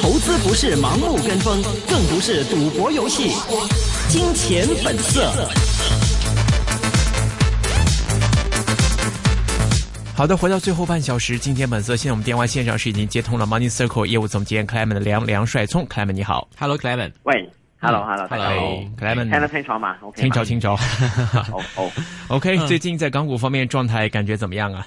投資不是盲目跟風，更不是賭博遊戲。金錢本色。好的，回到最後半小時，金錢本色。現在我們電話線上是已經接通了 Money Circle 業務總監 Clement 的梁梁帥聰 Clement 你好，Hello Clement，喂，Hello Hello Hello Clement，聽得清楚嗎？聽着聽着，哦哦 OK，最近在港股方面狀態感覺怎麼樣啊？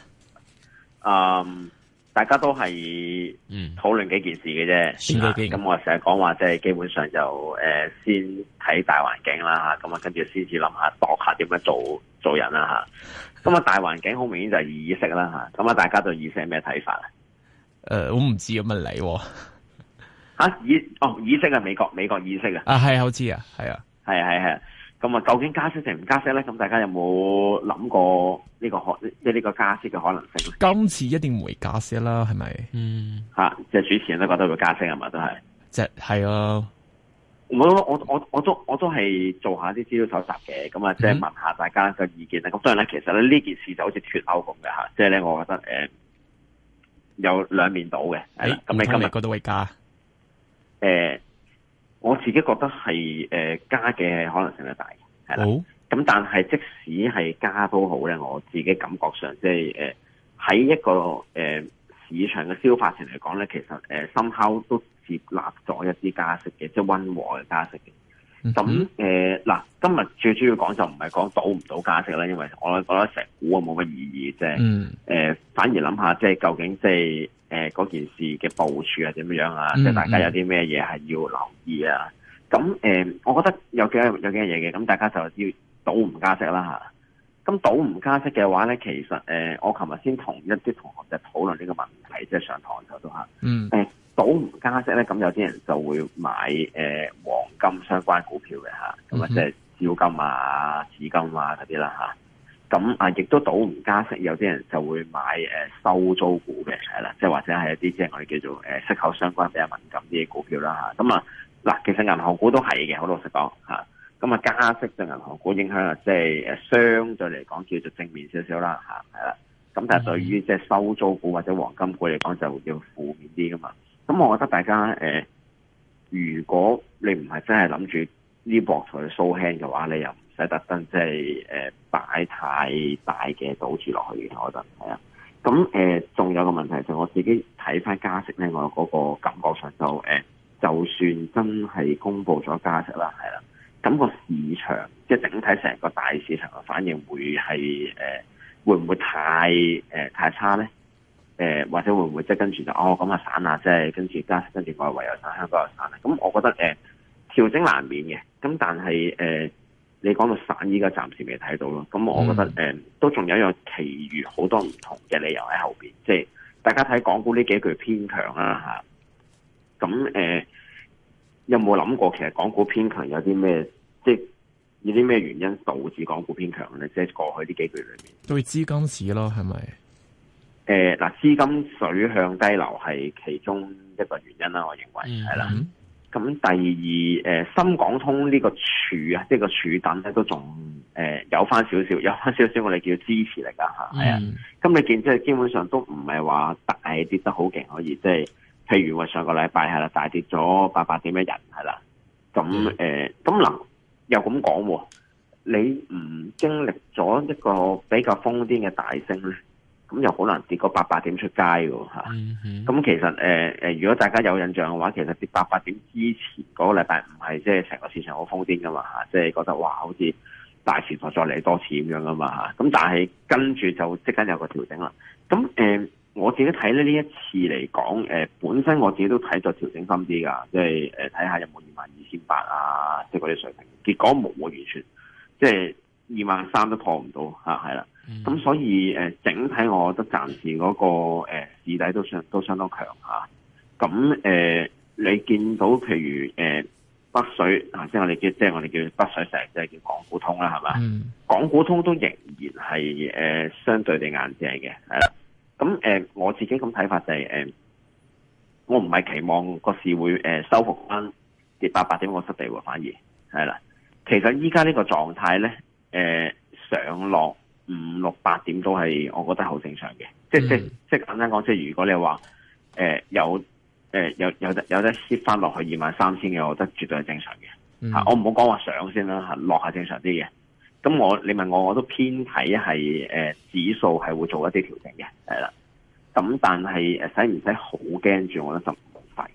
Um, 大家都係嗯討論幾件事嘅啫，咁、嗯啊嗯、我成日講話即係基本上就誒、呃、先睇大環境啦吓，咁啊跟住先至諗下度下點樣做做人啦吓。咁啊、嗯、大環境好明顯就係議息啦吓，咁啊大家對議息係咩睇法？誒、呃，我唔知有乜理吓意哦，議息係美國美國議息啊，啊係好知啊，係啊，係啊係啊。咁啊，究竟加息定唔加息咧？咁大家有冇諗過呢個可即係呢個加息嘅可能性？今次一定會加息啦，係咪？嗯，吓，即係主持人都覺得會加息，係咪？都係，即係係啊。我我我我都我都係做下啲資料搜集嘅，咁啊，即係問下大家嘅意見啦。咁所以咧，其實咧呢件事就好似脫歐咁嘅吓，即係咧，我覺得誒、呃、有兩面倒嘅。係、欸、咁你今日覺得會加？誒、呃。我自己覺得係誒、呃、加嘅可能性係大嘅，係啦。咁、oh. 但係即使係加都好咧，我自己感覺上即係喺、呃、一個誒、呃、市場嘅消化程嚟講咧，其實誒深烤都接納咗一啲加息嘅，即係温和嘅加息。咁誒嗱，今日最主要講就唔係講倒唔到加息啦，因為我覺得成股啊冇乜意義啫。誒、mm-hmm. 呃，反而諗下即係究竟即係。誒、呃、嗰件事嘅部署啊，點樣啊，即、嗯、係、嗯、大家有啲咩嘢係要留意啊？咁誒、呃，我覺得有幾樣有幾樣嘢嘅，咁大家就要賭唔加息啦嚇。咁、啊、賭唔加息嘅話咧，其實誒、呃，我琴日先同一啲同學就討論呢個問題，即、就、係、是、上堂時候都嚇、啊。嗯。誒、欸，賭唔加息咧，咁有啲人就會買誒、呃、黃金相關的股票嘅嚇，咁啊即係小金啊、紙金啊嗰啲啦嚇。咁啊，亦都倒唔加息，有啲人就會買誒收租股嘅，係啦，即係或者係一啲即係我哋叫做誒息口相關比較敏感啲嘅股票啦嚇。咁啊嗱，其實銀行股都係嘅，好老實講嚇。咁啊，加息對銀行股影響啊，即係誒相對嚟講叫做正面少少啦嚇，係啦。咁但係對於即係收租股或者黃金股嚟講，就會叫負面啲噶嘛。咁我覺得大家、呃、如果你唔係真係諗住呢博同去收輕嘅話，你又唔使特登即係擺太大嘅賭注落去嘅，我覺得係啊。咁誒，仲、呃、有個問題就是、我自己睇翻加息咧，我嗰個感覺上就誒、呃，就算真係公布咗加息啦，係啦，咁、那個市場即係整體成個大市場嘅反應會係誒、呃，會唔會太誒、呃、太差咧？誒、呃，或者會唔會即係、就是、跟住就哦咁啊散啊，即、就、係、是、跟住加息，跟住外圍又散，香港又散。咁我覺得誒、呃、調整難免嘅，咁但係誒。呃你講到散，依家暫時未睇到咯，咁我覺得誒、嗯呃、都仲有一樣其餘，好多唔同嘅理由喺後邊。即係大家睇港股呢幾句偏強啦、啊、嚇，咁、啊、誒、啊、有冇諗過其實港股偏強有啲咩？即係有啲咩原因導致港股偏強咧？即係過去呢幾句裏面，都係資金市咯，係咪？誒嗱、呃，資金水向低流係其中一個原因啦、啊，我認為係啦。嗯嗯。咁第二，誒、呃、深港通呢個柱啊，呢、呢個柱等咧都仲誒有翻少少，有翻少少我哋叫支持力噶嚇。咁、mm. 你見即係基本上都唔係話大跌得好勁，可以即係，譬如話上個禮拜係啦，大跌咗八百點一人係啦。咁誒，咁嗱、mm. 呃、又咁講喎，你唔經歷咗一個比較瘋癲嘅大升咧？咁又好難跌過八百點出街喎。咁、mm-hmm. 嗯嗯、其實、呃、如果大家有印象嘅話，其實跌八百點之前嗰個禮拜唔係即係成個市場、就是、好瘋癲噶嘛，即係覺得哇好似大前再再嚟多次咁樣噶嘛，咁但係跟住就即刻有個調整啦。咁、嗯呃、我自己睇咧呢一次嚟講、呃，本身我自己都睇咗調整深啲噶，即係睇下有冇二萬二千八啊？即係嗰啲水平。結果冇喎完全，即、就、係、是。二萬三都破唔到吓，係啦。咁、嗯、所以整體我覺得暫時嗰個市底都相都相當強嚇。咁誒、呃，你見到譬如誒、呃、北水嗱，即、啊、係、就是、我哋叫即我哋叫北水石即係叫港股通啦，係嘛、嗯？港股通都仍然係誒、呃、相對地硬淨嘅，係啦。咁、呃、我自己咁睇法就係、是呃、我唔係期望個市會誒收復翻跌八百點個失地喎，反而係啦。其實依家呢個狀態咧。誒、呃，上落五六八點都係我覺得好正常嘅，即係、mm-hmm. 即係即係簡單講，即係如果你話誒、呃、有誒、呃、有有有得跌翻落去二萬三千嘅，我覺得絕對係正常嘅吓、mm-hmm. 啊。我唔好講話上先啦落係正常啲嘅。咁我你問我我都偏睇係誒指數係會做一啲調整嘅，係啦。咁但係誒使唔使好驚住？我覺得就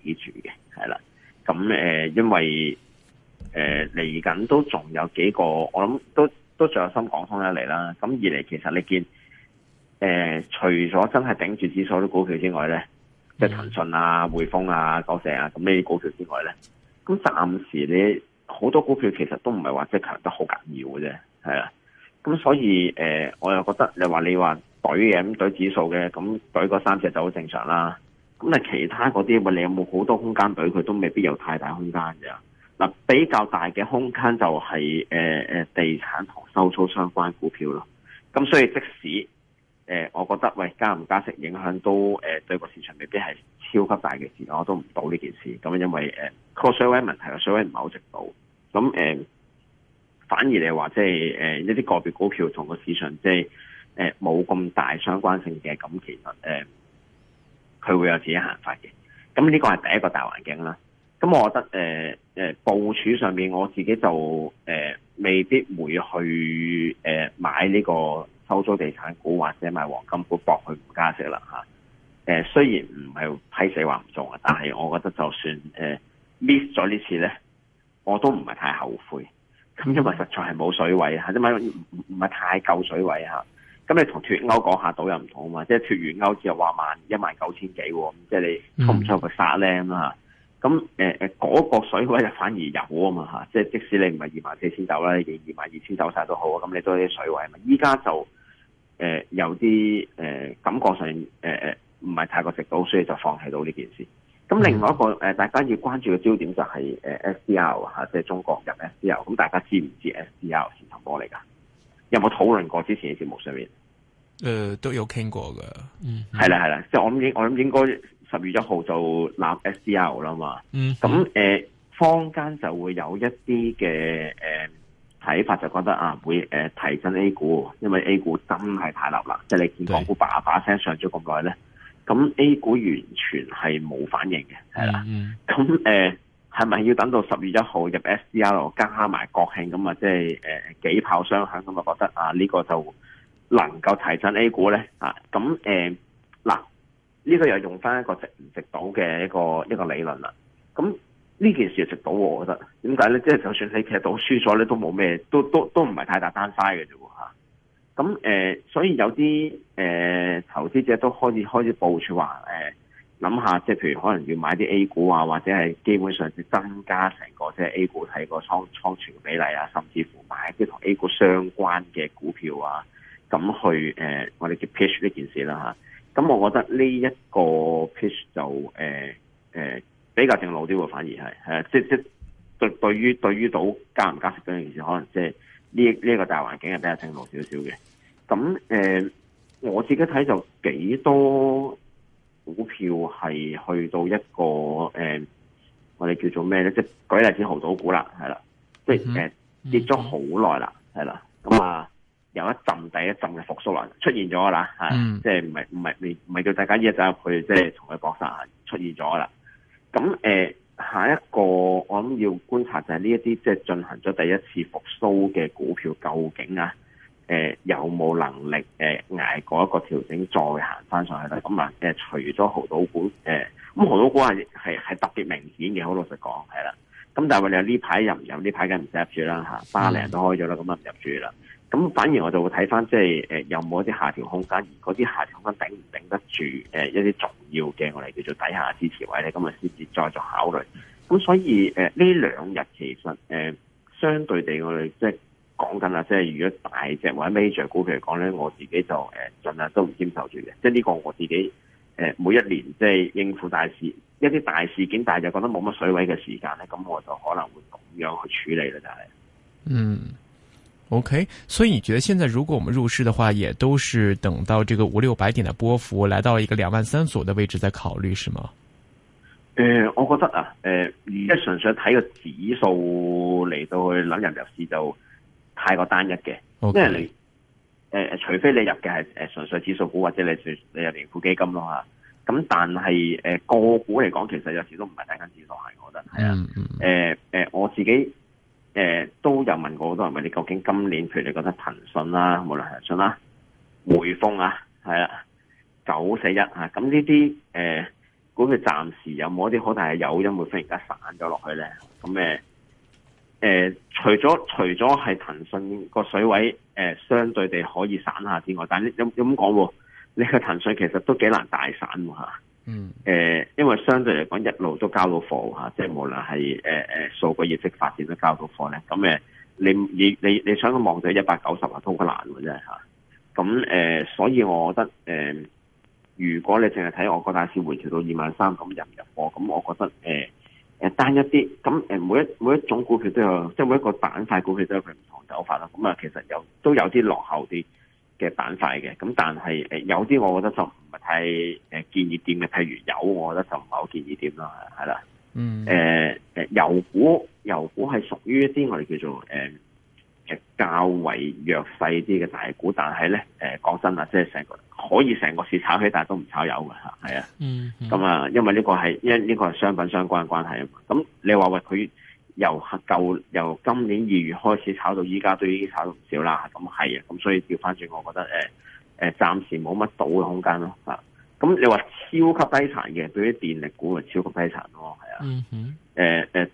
抵住嘅，係啦。咁誒、呃、因為誒嚟緊都仲有幾個，我諗都。都仲有心講通一嚟啦，咁二嚟其實你見、呃，除咗真係頂住指數啲股票之外呢，即係騰訊啊、匯豐啊、九成啊咁呢啲股票之外呢，咁暫時你好多股票其實都唔係話即係強得好緊要嘅啫，係啦。咁所以誒、呃，我又覺得你話你話懟嘅咁懟指數嘅，咁懟嗰三隻就好正常啦。咁啊，其他嗰啲餵你有冇好多空間懟佢，都未必有太大空間嘅。嗱，比較大嘅空間就係誒誒地產同收租相關股票咯。咁所以即使誒、呃，我覺得喂加唔加息影響都誒、呃、對個市場未必係超級大嘅事，我都唔賭呢件事。咁因為誒，個、呃、水位問題，水位唔係好值到。咁誒、呃，反而你話即係誒、呃、一啲個別股票同個市場即係誒冇咁大相關性嘅，咁其實誒，佢、呃、會有自己行法嘅。咁呢個係第一個大環境啦。咁我覺得誒誒部署上面，我自己就誒、呃、未必會去誒、呃、買呢個收租地產股或者買黃金股搏去唔加息啦嚇、呃、雖然唔係批死話唔中啊，但係我覺得就算誒 miss 咗呢次咧，我都唔係太後悔。咁因為實在係冇水位，嚇，即係唔唔唔係太夠水位嚇。咁你同脱歐講下賭又唔同啊嘛，即係脱完歐之後話萬一萬九千幾，即係你抽唔抽個沙僆啦、嗯咁誒誒，嗰、呃那個水位就反而有啊嘛吓，即係即使你唔係二萬四千走啦，你二萬二千走晒都好啊，咁你都有啲水位嘛。依家就誒、呃、有啲誒、呃、感覺上誒誒唔係太過食到，所以就放棄到呢件事。咁另外一個誒、呃，大家要關注嘅焦點就係誒 S D R 吓，呃、FDR, 即係中國入 S D R。咁大家知唔知 S D R 係乜嘢嚟噶？有冇討論過之前嘅節目上面？誒、呃，都有傾過噶，嗯，係啦係啦，即係我諗應我諗應該。十月一號就立 SCL 啦嘛，咁、嗯、誒、嗯，坊間就會有一啲嘅誒睇法，就覺得啊，會誒、呃、提振 A 股，因為 A 股真係太流啦，即係你見港股叭叭聲上咗咁耐咧，咁 A 股完全係冇反應嘅，係啦，咁誒，係、嗯、咪、呃、要等到十月一號入 SCL 加埋國慶咁、呃、啊，即係誒幾炮雙響咁就覺得啊呢個就能夠提振 A 股咧啊，咁誒嗱。呃呢、這個又用翻一個值唔值到嘅一個一個理論啦。咁呢件事就值到，我覺得點解呢？即、就、係、是、就算你其實賭輸咗呢都冇咩，都都都唔係太大單嘥嘅啫喎嚇。咁誒、呃，所以有啲誒、呃、投資者都開始開始部署話誒，諗、呃、下即係譬如可能要買啲 A 股啊，或者係基本上要增加成個即係 A 股睇個倉倉存比例啊，甚至乎買啲同 A 股相關嘅股票啊，咁去誒、呃、我哋叫 patch 呢件事啦、啊、嚇。咁我覺得呢一個 pitch 就誒誒、呃呃、比較正路啲喎，反而係係即即對對於對於到加唔加息嗰件事，可能即係呢呢一個大環境係比較正路少少嘅。咁誒、呃、我自己睇就幾多股票係去到一個誒、呃、我哋叫做咩咧？即係舉例子濠賭股啦，係啦，即係誒跌咗好耐啦，係啦，咁啊～、嗯嗯嗯有一陣第一陣嘅復甦嚟出現咗啦，嚇、嗯啊，即係唔係唔係唔係叫大家一陣去即係同佢搏殺，出現咗啦。咁、啊、誒，下一個我諗要觀察就係呢一啲即係進行咗第一次復甦嘅股票，究竟啊誒、啊、有冇能力誒、啊、捱過一個調整，再行翻上去咧？咁啊，誒、啊啊、除咗濠賭股誒，咁、啊、濠賭股係係係特別明顯嘅，好老實講係啦。咁、啊啊、但係我哋呢排又唔入，呢排梗係唔入住啦嚇、啊，巴黎都開咗啦，咁啊唔入住啦。咁反而我就會睇翻，即係誒，有冇一啲下調空間？而嗰啲下調空間頂唔頂得住？誒，一啲重要嘅我哋叫做底下支持位咧，咁啊，先至再做考慮。咁所以誒呢兩日其實誒、呃、相對地我哋即係講緊啦，即係如果大隻或者 major 股嚟講咧，我自己就誒盡量都唔接受住嘅。即係呢個我自己誒、呃、每一年即係應付大事一啲大事件，但係覺得冇乜水位嘅時間咧，咁我就可能會咁樣去處理啦，就係嗯。O、okay, K，所以你覺得現在如果我們入市的話，也都是等到這個五六百點的波幅，來到一個兩萬三所的位置再考慮，是嗎？誒、呃，我覺得啊，誒、呃，而家純粹睇個指數嚟到去諗入入市就太過單一嘅，okay. 因為誒、呃，除非你入嘅係誒純粹指數股或者你你入盈富基金咯吓，咁但係誒、呃、個股嚟講，其實有時都唔係睇緊指數，係我覺得係、嗯、啊，誒、呃、誒、呃，我自己。誒、呃，都有問過好多人，問你究竟今年譬如你覺得騰訊啦、啊，無論騰訊啦、匯豐啊，係啊，九四一啊，咁呢啲誒，估佢暫時有冇一啲好大嘅誘因？會突然間散咗落去呢？咁咪，誒、呃，除咗除咗係騰訊個水位誒、呃，相對地可以散下之外，但係你你咁講喎，你個騰訊其實都幾難大散喎嗯，誒，因為相對嚟講，一路都交到貨吓，即係無論係誒誒數個業績發展都交到貨咧，咁誒你你你你想個望就一百九十啊，都困難嘅啫吓，咁誒，所以我覺得誒，如果你淨係睇我個大市回調到二萬三咁入唔入貨，咁我覺得誒誒、呃、單一啲，咁誒每一每一種股票都有，即係每一個板塊股票都有佢唔同的走法啦，咁啊其實有都有啲落後啲。嘅板塊嘅，咁但係誒有啲我覺得就唔係太誒建議點嘅，譬如有我覺得就唔係好建議點囉。係啦，嗯，誒、呃、誒，油股油股係屬於一啲我哋叫做誒誒、呃、較為弱勢啲嘅大股，但係咧誒講真啊，即係成個可以成個市炒起，但係都唔炒油嘅吓，係啊，嗯，咁、嗯、啊，因為呢個係因為呢個係商品相關嘅關係啊嘛，咁你話喂佢。呃由舊由今年二月開始炒到依家都已經炒到唔少啦，咁係啊，咁所以調翻轉，我覺得誒誒、欸、暫時冇乜賭嘅空間咯嚇。咁、啊、你話超級低殘嘅，對於電力股係超級低殘咯，係啊。誒、嗯、誒、欸，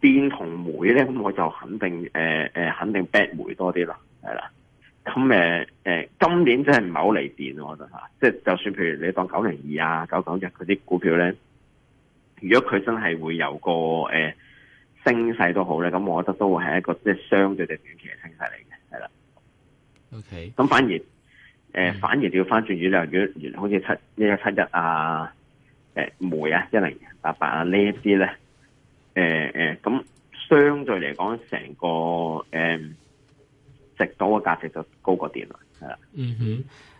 電同煤咧，我就肯定誒誒、欸，肯定 bad 煤多啲啦，係啦。咁誒誒，今年真係唔係好嚟電，我覺得嚇。即係就算譬如你當九零二啊、九九一嗰啲股票咧，如果佢真係會有個誒。欸升勢都好咧，咁我覺得都會係一個即係相對地短期嘅升勢嚟嘅，係啦。OK，咁反而、呃嗯、反而調翻轉啲量軟，好似七一一七一啊，呃、煤啊，啊這一零八八啊呢一啲咧，誒、呃、咁、呃、相對嚟講，成個誒、呃、值到嘅價值就高過電啦，係啦。嗯哼。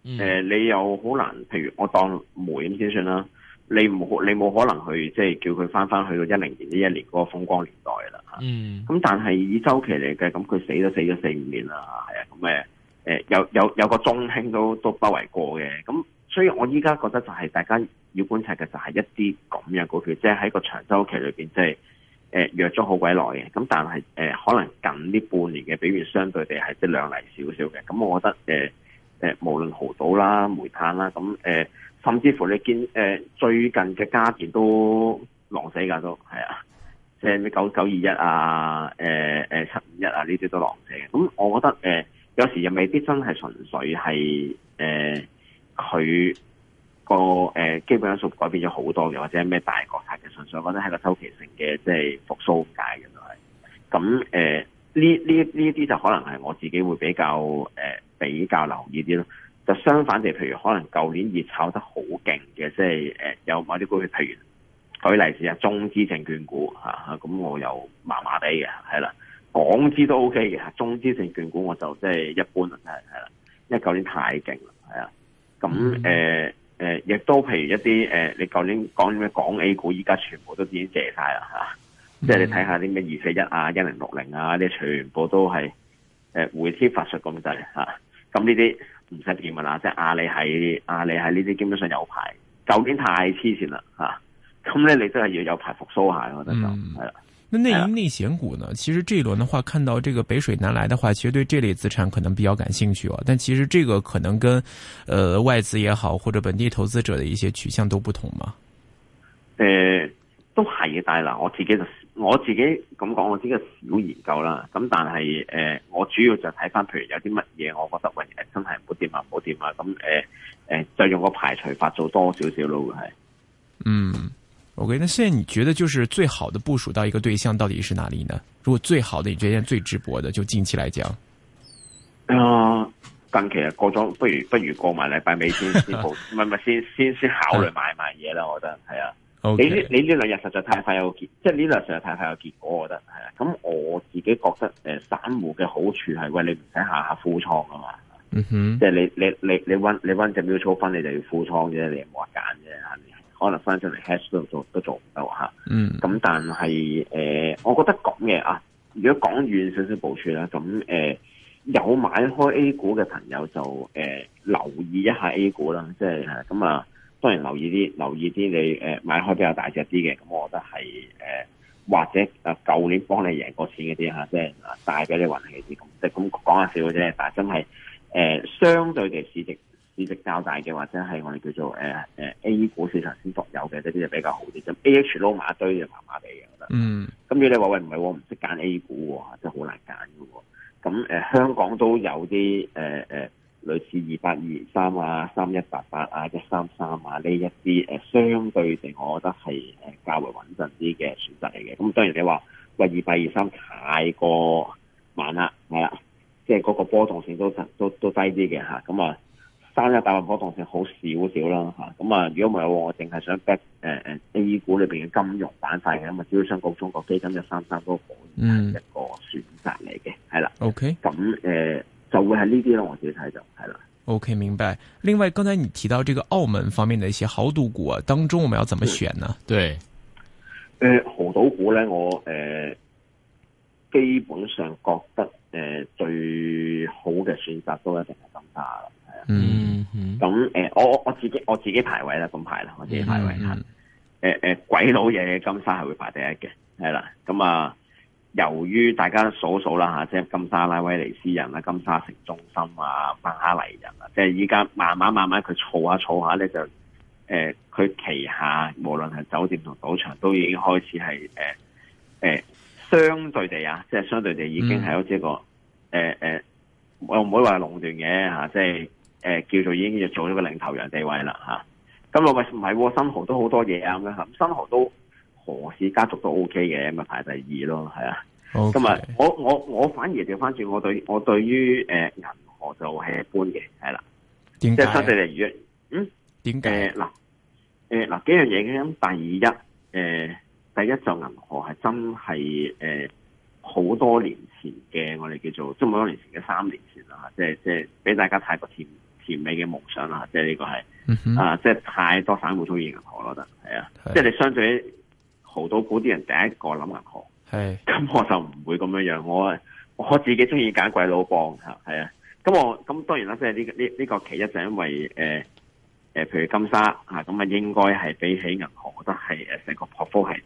誒、嗯呃，你又好難，譬如我當梅咁先算啦。你唔你冇可能去即係叫佢翻翻去到一零年呢一年嗰個風光年代啦。嗯。咁但係以周期嚟嘅，咁佢死都死咗四五年啦，係啊。咁誒誒，有有有個中興都都不為過嘅。咁所以，我依家覺得就係大家要觀察嘅就係一啲咁樣股票，即係喺個長周期裏邊、就是，即係誒約咗好鬼耐嘅。咁但係誒、呃，可能近呢半年嘅表現相對地係即量兩嚟少少嘅。咁我覺得誒。呃誒、呃，無論濠賭啦、煤炭啦，咁誒、呃，甚至乎你見誒、呃，最近嘅價錢都狼死噶，都係、就是、啊，即係咩九九二一啊，誒誒七五一啊，呢啲都狼死嘅。咁我覺得誒、呃，有時又未必真係純粹係誒，佢個誒基本因素改變咗好多嘅，或者咩大國策嘅，純粹我覺得係個周期性嘅，即係復蘇界。解嘅，係、呃。咁誒，呢呢呢啲就可能係我自己會比較誒。呃比較留意啲咯，就相反地，譬如可能舊年熱炒得好勁嘅，即係誒有某啲股票，譬如舉例子啊，中資證券股吓，咁我又麻麻地嘅，係啦，港資都 OK 嘅，中資證券股我就即係一般啦，係啦，因為舊年太勁啦，係啊，咁誒亦都譬如一啲誒、呃，你舊年講啲咩港 A 股，依家全部都已經借晒啦吓，即係你睇下啲咩二四一啊、mm-hmm. 一零六零啊，啲、啊、全部都係誒回天乏術咁滯。咁呢啲唔使掂嘅啦，即係阿里系阿里系呢啲，基本上有排，究竟太黐線啦嚇！咁、啊、咧，你真係要有排復蘇下咯，我覺得就。哎、嗯、呀，那內銀內險股呢？其實這一輪的話，看到這個北水南來的話，其實對這類資產可能比較感興趣哦。但其實這個可能跟，呃外資也好，或者本地投資者的一些取向都不同嘛。誒、呃，都係嘅，但係嗱，我自己就。我自己咁講，我自己嘅小研究啦。咁但係誒、呃，我主要就睇返，譬如有啲乜嘢，我覺得喂、哎、真係唔好掂啊，唔好掂啊。咁誒誒，就、呃、用個排除法做多少少咯，係。嗯，OK。那所以，你覺得就是最好的部署到一個對象到底是哪裏呢？如果最好的，你覺得最直播的，就近期來講。啊、呃，近期啊，過咗不如不如過埋禮拜尾 先先報，唔先先先考慮買埋嘢啦。我覺得係啊。Okay. 你呢？你呢兩日實在太快有結，即係呢兩日實在太快有結果，我覺得係啊。咁我自己覺得，誒、呃，散戶嘅好處係，喂，你唔使下下沽倉啊嘛。嗯、mm-hmm. 哼，即係你你你你溫你溫隻標操翻，你就要沽倉啫，你又冇話揀啫。可能翻上嚟 hedge 都做都做唔到吓。咁、啊 mm-hmm. 但係，誒、呃，我覺得講嘢啊，如果講遠少少部署啦，咁誒、呃，有買開 A 股嘅朋友就，誒、呃，留意一下 A 股啦，即係咁啊。當然留意啲，留意啲你誒買開比較大隻啲嘅，咁我覺得係誒、呃，或者誒舊年幫你贏過錢嗰啲嚇，即係帶俾你運氣啲咁，即係咁講下笑啫，但係真係誒、呃、相對地市值市值較大嘅，或者係我哋叫做誒誒、呃、A 股市場先獨有嘅一啲就比較好啲咁 A H 撈埋一,一堆就麻麻地嘅。覺得。嗯。咁如果你話喂唔係我唔識揀 A 股喎，真係好難揀嘅喎。咁、嗯、誒、呃、香港都有啲誒誒。呃類似二八二三啊、三一八八啊、啊一三三啊，呢一啲誒相對地，我覺得係誒較為穩陣啲嘅選擇嚟嘅。咁當然你話喂二八二三太過慢啦，係啦，即係嗰個波動性都都都低啲嘅吓。咁啊三一八八波動性好少少啦，吓，咁啊如果唔係我淨係想 back、呃、A 股裏邊嘅金融板塊嘅，咁啊招商局中國基金一三三都好，以一個選擇嚟嘅，係、嗯、啦。OK，咁誒。呃就會係呢啲咯，我自己睇就係啦。OK，明白。另外，剛才你提到這個澳門方面的一些豪賭股、啊，當中我們要怎麼選呢？嗯、對，誒、呃，豪賭股咧，我誒、呃，基本上覺得誒、呃、最好嘅選擇都一定係金沙啦，係啊。嗯嗯。咁、嗯、誒，我我自己我自己排位啦，咁排啦，我自己排位啦。誒、呃、誒、呃，鬼佬嘢金沙係會排第一嘅，係啦。咁、嗯、啊。嗯由於大家數數啦，即係金沙啦、威尼斯人啦、金沙城中心啊、巴黎人啊，即係依家慢慢慢慢佢儲下儲下咧，就誒佢、呃、旗下無論係酒店同賭場都已經開始係誒、呃呃、相對地啊，即係相對地已經係好似一個誒誒、嗯呃，我唔會話壟斷嘅嚇，即係誒、呃、叫做已經做咗個領頭羊地位啦嚇，咁咁啊唔係唔係，新濠都好多嘢咁嘅嚇，新濠都。和氏家族都 OK 嘅，咁咪排第二咯，係啊。Okay. 今日我我我反而調翻轉，我對我對於誒、呃、銀河就係一般嘅，係啦、啊。點即係相對嚟講，嗯，點解？嗱、呃，誒、呃、嗱、呃，幾樣嘢嘅。咁第二一，誒，第一就銀河係真係誒好多年前嘅，我哋叫做即係好多年前嘅三年前啦，即係即係俾大家太過甜甜美嘅夢想啦，即係呢個係、嗯呃、啊，即係太多散戶中意銀河，我覺得係啊，即係你相對。好多股啲人第一個諗銀河，係咁我就唔會咁樣樣，我我自己中意揀鬼佬幫吓，係啊，咁我咁當然啦，即係呢呢呢個其一就因為誒誒、呃呃，譬如金沙吓，咁啊應該係比起銀河，我覺得係誒成個鋪幅係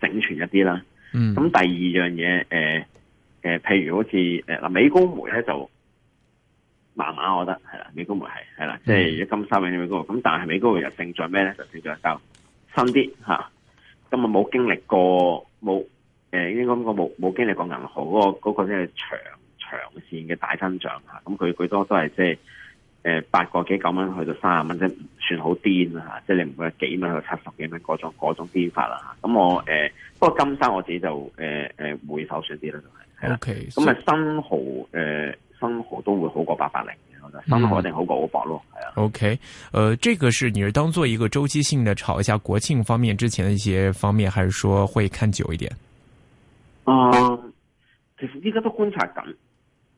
整全一啲啦。咁、嗯、第二樣嘢誒誒，譬如好似誒嗱，美高梅咧就麻麻，我覺得係啦、啊，美高梅係係啦，即係、啊、金沙比美高梅呢，咁但係美高梅又勝在咩咧？就勝在夠新啲吓。咁啊冇經歷過冇誒應該講冇冇經歷過銀行嗰、嗰個即係、嗰個、長長線嘅大增長嚇，咁佢佢多都係即係誒八個幾九蚊去到卅蚊，即係唔算好癲啦嚇！即係你唔會話幾蚊去到七十幾蚊嗰種嗰種癲法啦，咁我、呃、不過金山我自己就誒誒會啲啦，就係。咁啊新豪誒新豪都會好過八百零。相對一定好過我搏咯。O、okay, K，呃，這個是你是當做一個週期性嘅炒一下國慶方面之前嘅一些方面，還是說會看久一點？啊、呃，其實依家都觀察緊。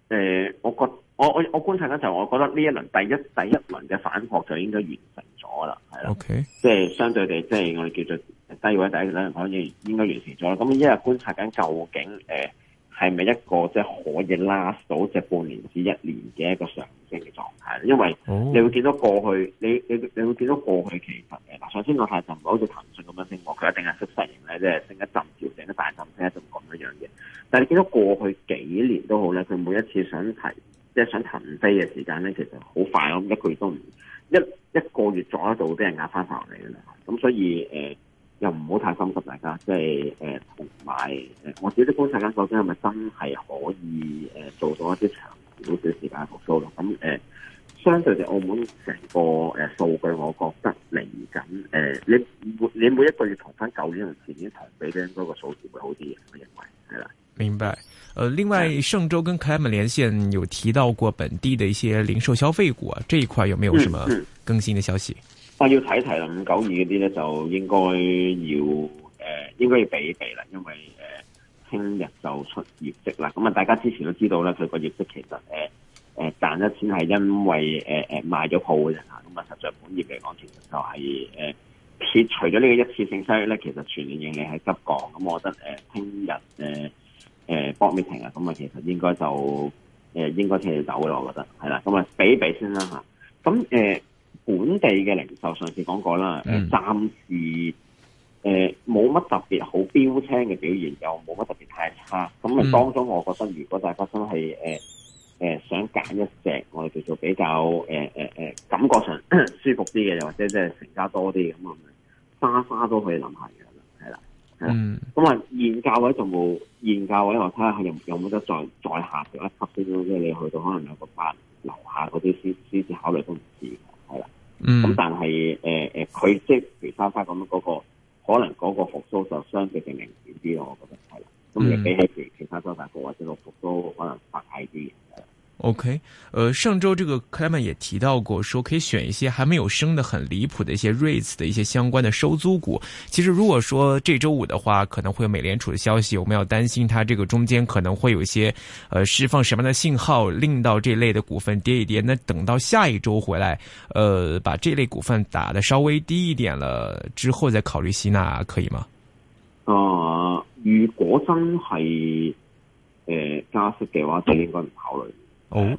誒，我覺我我我觀察緊就，我覺得呢一輪第一第一輪嘅反撲就應該完成咗啦，係啦。O、okay. K，即係相對地，即係我哋叫做低位第一輪可以應該完成咗。咁我一日觀察緊究竟誒。呃係咪一個即係可以拉到即係半年至一年嘅一個上升嘅狀態？因為你會見到過去，你你你會見到過去其實誒，首先落下就唔係好似騰訊咁樣升落，佢一定係失上型咧，即係升一陣調整一大浸升一陣咁樣嘅。但係你見到過去幾年都好咧，佢每一次想提，即係想騰飛嘅時間咧，其實好快咯，一個月都唔一一個月坐喺度，俾人壓翻頭嚟啦。咁所以、呃又唔好太心急，大家即係誒，同埋誒，我自己觀察緊，究竟係咪真係可以誒、呃，做到一啲長少少時間復蘇咯？咁誒、呃，相對嚟澳門成個誒、呃、數據我，我覺得嚟緊誒，你每你每一個月同翻舊年同前年同比咧，個數字會好啲，我認為係啦？明白。誒、呃，另外上周跟 Clement 連線有提到過本地嘅一些零售消費股，啊這一塊有沒有什麼更新嘅消息？嗯嗯我要睇睇啦，五九二嗰啲呢，就應該要、呃、應該要避一避啦，因為誒聽日就出業績啦。咁大家之前都知道呢，佢個業績其實誒誒、呃、賺咗錢係因為誒、呃、賣咗鋪嘅人嚇，咁啊，實在本業嚟講，其實就係誒撇除咗呢個一次性收益咧，其實全年盈利係急降。咁我覺得誒聽日誒誒 Board Meeting 啊，咁、嗯、啊其實應該就誒、呃、應該係要走嘅，我覺得係啦。咁啊、嗯、避一避先啦咁誒。啊本地嘅零售上次講過啦，嗯、暫時誒冇乜特別好標青嘅表現，又冇乜特別太差。咁啊、嗯，當中我覺得，如果大家真係誒誒想揀一隻，我哋叫做比較誒誒誒感覺上 舒服啲嘅，又或者即係成交多啲咁啊，莎莎都可以諗下嘅啦，係啦，係啦、嗯。咁啊、嗯，現價位就冇現價位，我睇下有有冇得再再下調一級先咯。即係你去到可能有個八樓下嗰啲先先至考慮都唔遲，係啦。嗯，咁但係誒誒，佢即係其他花咁樣個，可能個復蘇就相對性明顯啲咯，我覺得係，咁又比起其其他嗰個外國或者嗰個復蘇。OK，呃，上週這個 Clement 也提到過，說可以選一些還沒有升的很離譜的一些 REITs 的一些相關的收租股。其實如果說這週五的話，可能會有美聯儲的消息，我們要擔心它這個中間可能會有一些呃釋放什麼樣的信號，令到這類的股份跌一跌。那等到下一週回來，呃，把這類股份打的稍微低一點了之後，再考慮吸納可以嗎？啊、呃，如果真係、呃、加息的話，就應該不考慮。哦、oh. 呃，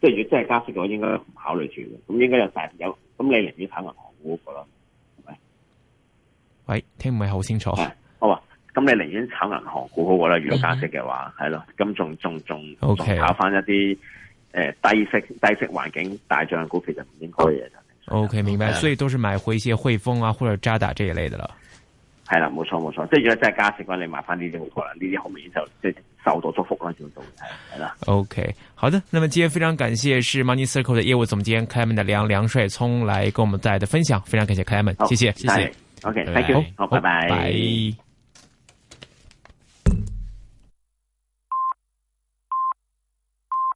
即係如果真係加息嘅話，應該不考慮住的。應該考慮住嘅。咁應該有大有，咁你寧願炒銀行股嗰個咯，係喂，聽唔係好清楚。好啊，咁、 哦、你寧願炒銀行股好過咧？如果加息嘅話，係、mm-hmm. 咯，咁仲仲仲仲炒翻一啲誒、呃、低息低息環境大漲嘅股票就唔應該嘅。O、okay, K，明白。所以都是買回一些匯豐啊或者渣打這一類的啦。係啦，冇錯冇錯。即係、就是、如果真係加息嘅話，你買翻呢啲好過啦。呢啲 後面就即係。就是受到祝福啊，就做、是、係 OK，好的。那麼今天非常感謝是 Money Circle 的業務總監 Clement 的梁梁帥聰來跟我們帶來的分享。非常感謝 Clement 謝謝謝謝。Right. OK，thank、okay, you，好，拜拜。